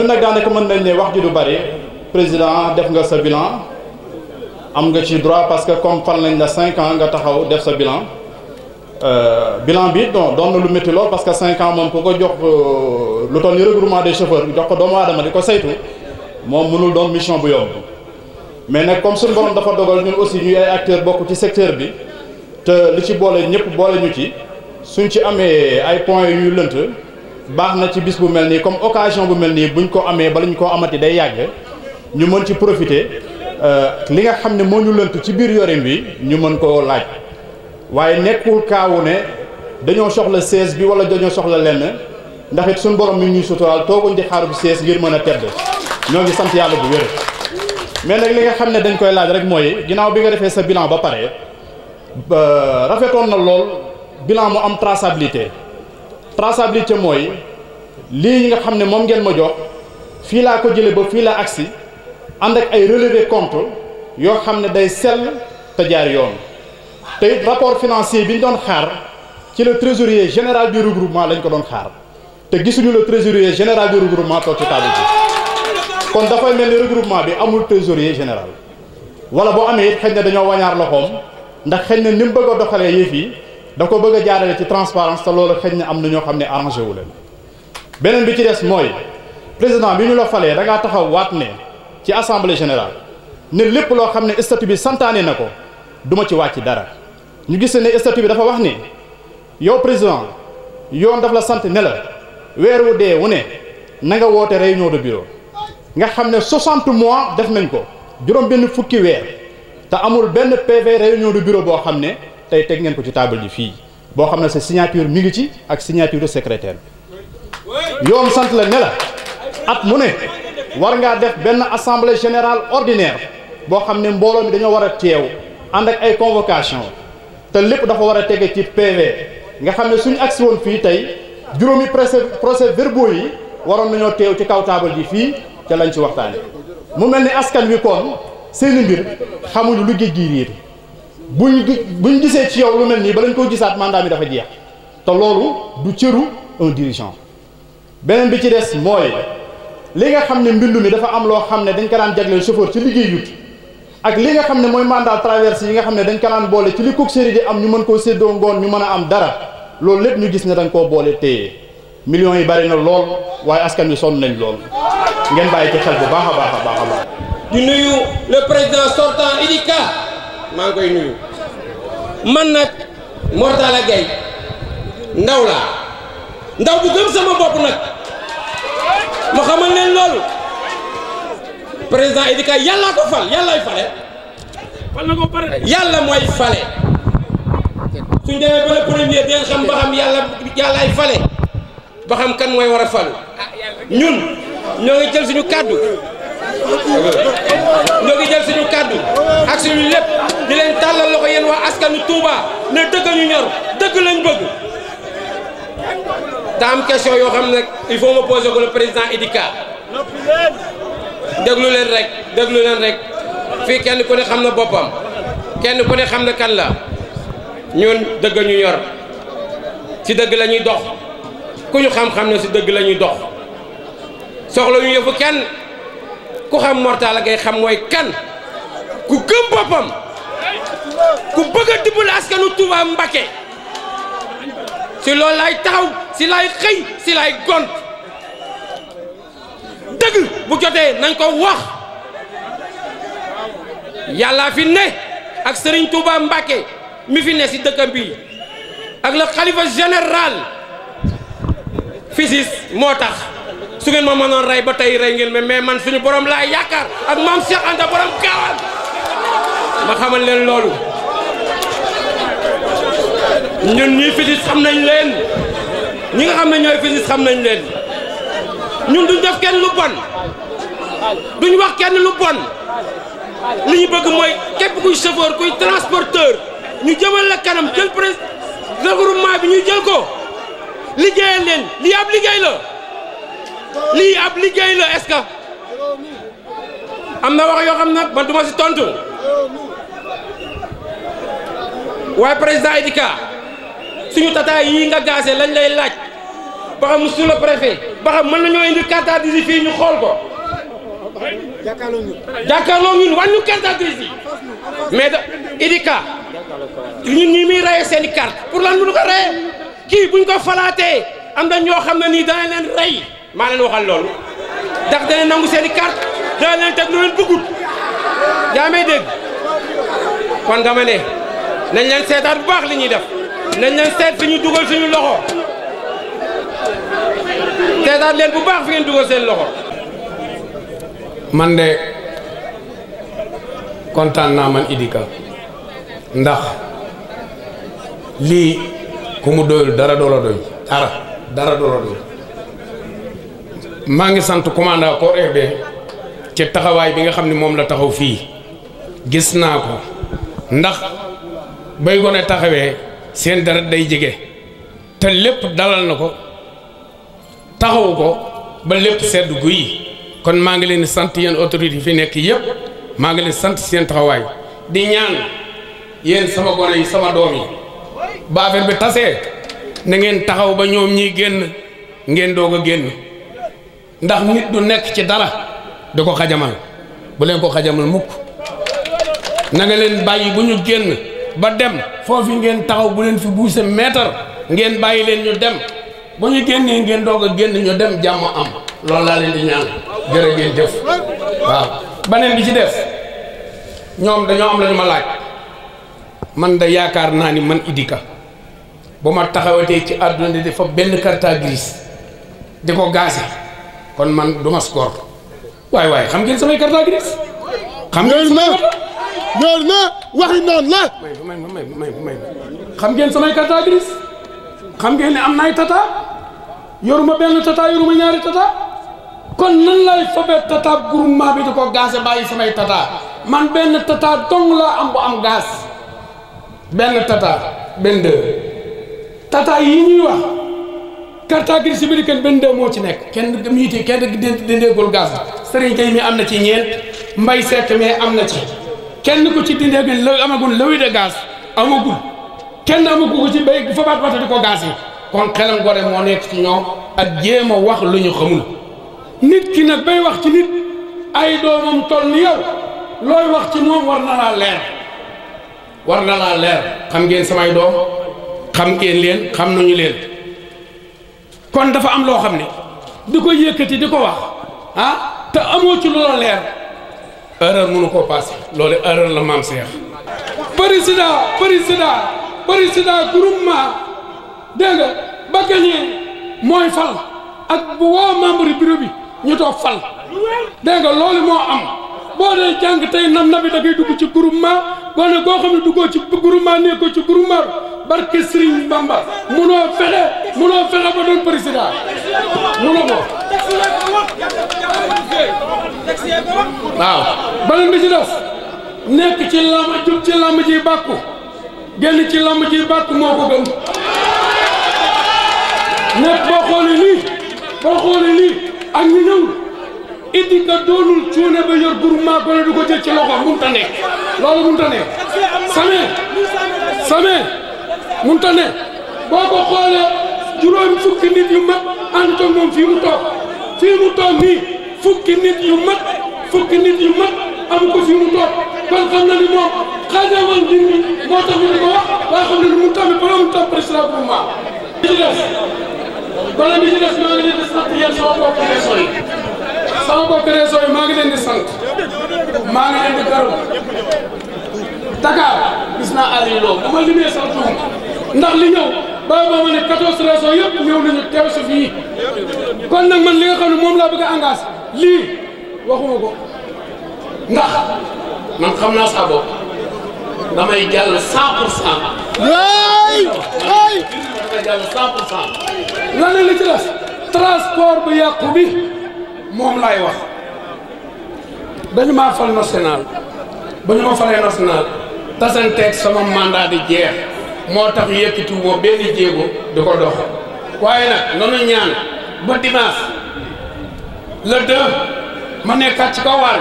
ñun nag daanaka mën nañ ne wax ji du bari président def nga sa bilan am nga ci droit parce que comme fal nañ la cinq ans nga taxaw def sa bilan euh, bilan bi don doon na lu métti lool parce que cinq ans moom ku ko jox euh, lu toll ni regroupement des chauffeurs jox ko doomu aadama di ko saytu moom munul doon mission bu yomb mais nag comme suñu borom dafa dogal ñun aussi ñuy ay acteurs bokk ci secteur bi te li ci boole ñëpp boole ñu ci suñ ci amee ay point yu lënt baax na ci bis bu mel nii comme occasion bu mel nii buñ ko amee bala ñu koo amati day yàgg ñu mën ci profiter euh, li nga xam ne moo ñu lënt ci biir yorin wi ñu mën koo laaj waaye nekkul kaawu ne dañoo soxla sees bi wala dañoo soxla lenn ndax it suñ borom mi ñuy suturaal tooguñ di xaaru bu sees ngir mën a tedd ñoo ngi sant yàlla bu wér mais nag li nga xam ne dañ koy laaj rek mooy ginnaaw bi nga defee sa bilan ba pare rafetoon na lool bilan mu am traçabilité traçabilité mooy lii yi nga xam ne moom ngeen ma jox fii laa ko jële ba fii laa agsi ànd ak ay relevé compte yoo xam ne day sell te jaar yoon te it rapport financier bi ñu doon xaar ci le trésorier général du regroupement lañ ko doon xaar te gisuñu le trésorier général du regroupement toog ci table bi kon dafay mel ni regroupement bi amul trésorier général wala boo amee it xëy na dañoo wañaar loxoom ndax xëy na ni mu bëgg a da ko bëgg a jaarale ci transparence te loolu xëy na am na ñoo xam ne arrangé wu leen beneen bi ci des mooy président bi ñu la falee da ngaa taxaw waat ne ci assemblée générale ne lépp loo xam ne statut bi santaane na ko du ma ci wàcc dara ñu gis ne statut bi dafa wax ni yow président yoon daf la sant ne la weer wu dee wu ne na nga woote réunion de bureau nga xam ne 60 mois def nañ ko juróom benn fukki weer te amul benn PV réunion de bureau boo xam ne. tey teg ngeen ko ci table ji fii boo xam ne sa signature mi ngi ci ak signature secrétaire bi yoon sant la ne la at mu ne war ngaa def benn assemblée générale ordinaire boo xam ne mbooloo mi dañoo war a teew ànd ak ay convocation te lépp dafa war a tege ci PV nga xam ne suñu agsi woon fii tey juróomi procès procès verbaux yi waroon nañoo teew ci kaw taabal ji fii ca lañ ci waxtaane mu mel ni askan wi kon seeni mbir xamuñu lu géej gi riir buñ buñ gisee ci yow lu mel nii ba lañ koo gisaat mandat mi dafa jeex te loolu du cëru un dirigeant beneen bi ci des mooy li nga xam ne mbindu mi dafa am loo xam ne dañ ko daan jagleel chauffeur ci liggéeyut ak li nga xam ne mooy mandat traversé yi nga xam ne dañ ko daan boole ci li courtier di am ñu mën koo séddoo ngoon ñu mën a am dara loolu lépp ñu gis ne dañ koo boolee téye million yi bari na lool waaye askan wi sonn nañ lool ngeen bàyyi ci xel bu baax a baax a baax maa koy man nag Mortala Gaye ndaw laa ndaw bu gëm sama bopp nag ma xamal leen loolu président Idy Ka yàllaa ko fal yàllaay fale yàlla mooy fale suñ demee ba le premier deen xam ba xam yàllaay fale ba xam kan mooy war a falu ñun ñoo ngi jël suñu kàddu ñoo ngi jël suñu kàddu ak suñu lépp di leen tàllal loxo yéen waa askanu Touba ne dëgg ñu ñor dëgg lañ bëgg. daa am yoo xam ne il faut ma poser ko le président Idika déglu leen rek déglu leen rek fii kenn ku ne xam na boppam kenn ku ne xam na kan la ñun dëgg ñu ñor ci dëgg la ñuy dox ku ñu xam-xam ne ci dëgg lañuy dox soxla ñu yëfu kenn. ku xam mortala ngay xam mooy kan ku gëm boppam ku bëgg a dimbali askanu Touba Mbacké si loolu laay taxaw si laay xëy si laay gont dëgg bu jotee nañ ko wax yàllaa fi ne ak Serigne Touba Mbacké mi fi ne si dëkkam bi ak le xalifa général fisis moo tax su ngeen ma mënoon rey ba tey rey ngeen ma mais man suñu borom laa yaakaar ak maam Cheikh Anta borom gaawal ma xamal leen loolu ñun ñii fitis xam nañ leen ñi nga xam ne ñooy fitis xam nañ leen ñun duñ def kenn lu bon duñ wax kenn lu bon li ñu bëgg mooy képp kuy chauffeur kuy transporteur ñu jëmal la kanam jël presse regroupement bi ñu jël ko liggéeyal leen li ab liggéey la. lii ab liggéey la est-ce am na wax yoo xam nag man duma si tontu waaye président Idi Ka suñu tata yii nga gaase lañ lay laaj ba xam monsieur le préfet ba xam mën nañoo indi carte d'identité fii ñu xool ko jàkkaarloo ñun jàkkaarloo ñun wan ñu carte mais da Idi Ka ñun ñi muy reye seen i pour lan mënu ko reye kii buñ ko falaatee am na ñoo xam ne nii dana leen rey maa leen waxal loolu ndax dana nangu seen i carte dana leen teg lu leen bëggut yaa may kon dama ne nañ leen seetaat bu baax li ñuy def nañ leen seet fi ñu dugal suñu loxo seetaat leen bu baax fi ngeen dugal seen loxo. man de kontaan naa man Idika ndax lii ku mu dara doola doy dara dara doola doy. maa ngi sant commandant corps RD ci taxawaay bi nga xam ne moom la taxaw fii gis naa ko ndax bay gone taxawee seen deret day jege te lépp dalal na ko taxaw ko ba lépp sedd guy kon maa ngi leen sant yéen autorités yi fi nekk yépp maa ngi leen sant seen taxawaay di ñaan yéen sama gone yi sama doom yi ba bi tasee na ngeen taxaw ba ñoom ñiy génn ngeen doog a génn ndax nit du nekk ci dara di ko xajamal bu leen ko xajamal mukk na nga leen bàyyi bu ñu génn ba dem foofu ngeen taxaw bu leen fi buuse meetar ngeen bàyyi leen ñu dem bu ñu génnee ngeen doog a génn ñu dem jàmm am loolu laa leen di ñaan jërë ngeen jëf bi ci def ñoom dañoo am la ñu ma laaj man da yaakaar naa ni man Idika bu ma taxawatee ci àdduna di fa benn carte grise di ko gaase kon man du ma score waay waay xam ngeen samay carte grise xam ngeen na ñor na waxi noonu la may may may may xam ngeen samay carte xam ngeen ne am naay tata yoruma benn tata yoruma ñaari tata kon nan lay fobee tata groupement bi di ko gaase bàyyi samay tata man benn tata dong laa am bu am gaas benn tata benn deux tata yi ñuy wax carte grise américaine benn deux moo ci nekk kenn miiti kenn dindeegul gaz Serigne Gueye mi am na ci ñeent mbay Seck mais am na ci kenn ku ci dindeegul la amagul lawi de gaz amagul kenn amagul ko ci mbéy bu fa baat wata ko gaz yi kon xelam gore moo nekk ci ñoom ak jéem wax lu ñu xamul nit ki nag bay wax ci nit ay doomam toll ni looy wax ci moom war na laa leer war na laa leer xam ngeen samay doom xam ngeen leen xam nañu leen kon dafa am loo xam ne di ko yëkkati di ko wax ah te amoo ci loola leer erreur mënu ko passé loolu erreur la maam Seex président président président groupement dégg nga ba gañee mooy fal ak bu woo membre bureau bi ñu too fal dégg nga loolu moo am boo dee jàng tey nam na bi da ngay dugg ci groupement gone goo xam ne duggoo ci groupement nekkoo ci groupement barke Serigne Bamba munoo fexe munoo fexe ba doon président munoo ko. waaw beneen bi ci des nekk ci lamb jub ci lamb ji bàkku génn ci lamb ji bàkku moo ko gën nekk boo xoolee lii boo xoolee lii ak ñu ñëw indi ka doonul cuune ba yor groupement ba ne du ko jël ci loxo mënut nekk loolu mënut a nekk samee samee mënut a ne boo ko xoolee juróomi fukki nit yu mat ànd toog moom fii mu toog fii mu toog nii mat fukki nit mat amu ko fii mu toog kon na ni moom xaajamal nit ñi moo tax ñu di ko wax waaye xam ne ni mu tamit bala mu ma bi ci des bala maa ngi sant yéen sama bopp sama bopp réseau maa ngi leen di maa ngi leen di garu Dakar gis naa Aliou Lo bu ma tuum ndax li ñëw ba ma ne 14 régions yëpp ñëw nañu teew si fii kon nag man li nga xam ne moom laa bëgg a lii waxuma ko ndax man xam naa sa bopp damay jàll 100 pour cent. waay waay damay jàll 100 pour cent. lan la li ci des transport bu yàqu bi moom laay wax dañu maa fal national ba ma falee national tasanteeg sama mandat di jeex. moo tax yëkkatiwuma benn jéego di ko dox waaye nag nanu ñaan ba dimanche le ma nekkaat ci kaw waar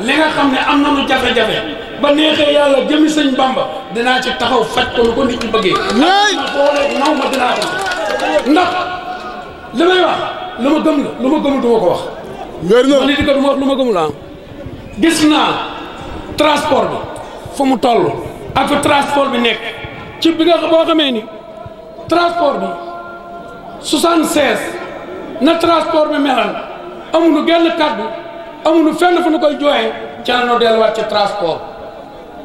li nga xam ne am nanu jafe-jafe ba neexee yàlla jëmi sëñ Bamba dinaa ci taxaw faj ko lu ko nit ci bëggee. naaj ma booleeg naw ndax li wax lu ma gëm la ma gëmul du ko wax. wér na li di ko du wax lu ma gëmul ah. gis naa transport bi fu mu toll ak transport bi nekk. ci bi nga boo xamee ni transport bi 76 na transport bi melal amuñu genn kàddu amuñu fenn fu nu koy jooyee ci nañoo delluwaat ci transport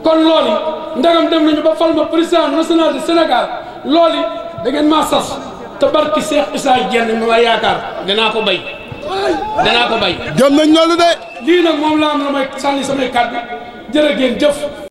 kon loolu ndegam dem nañu ba fal ma président national du Sénégal loolu da ngeen maa sas te barki Cheikh Issa Diène mi ma yaakaar danaa ko bay danaa ko bay jëm nañ loolu de lii nag moom laa am la may sànni samay kàddu jërë jëf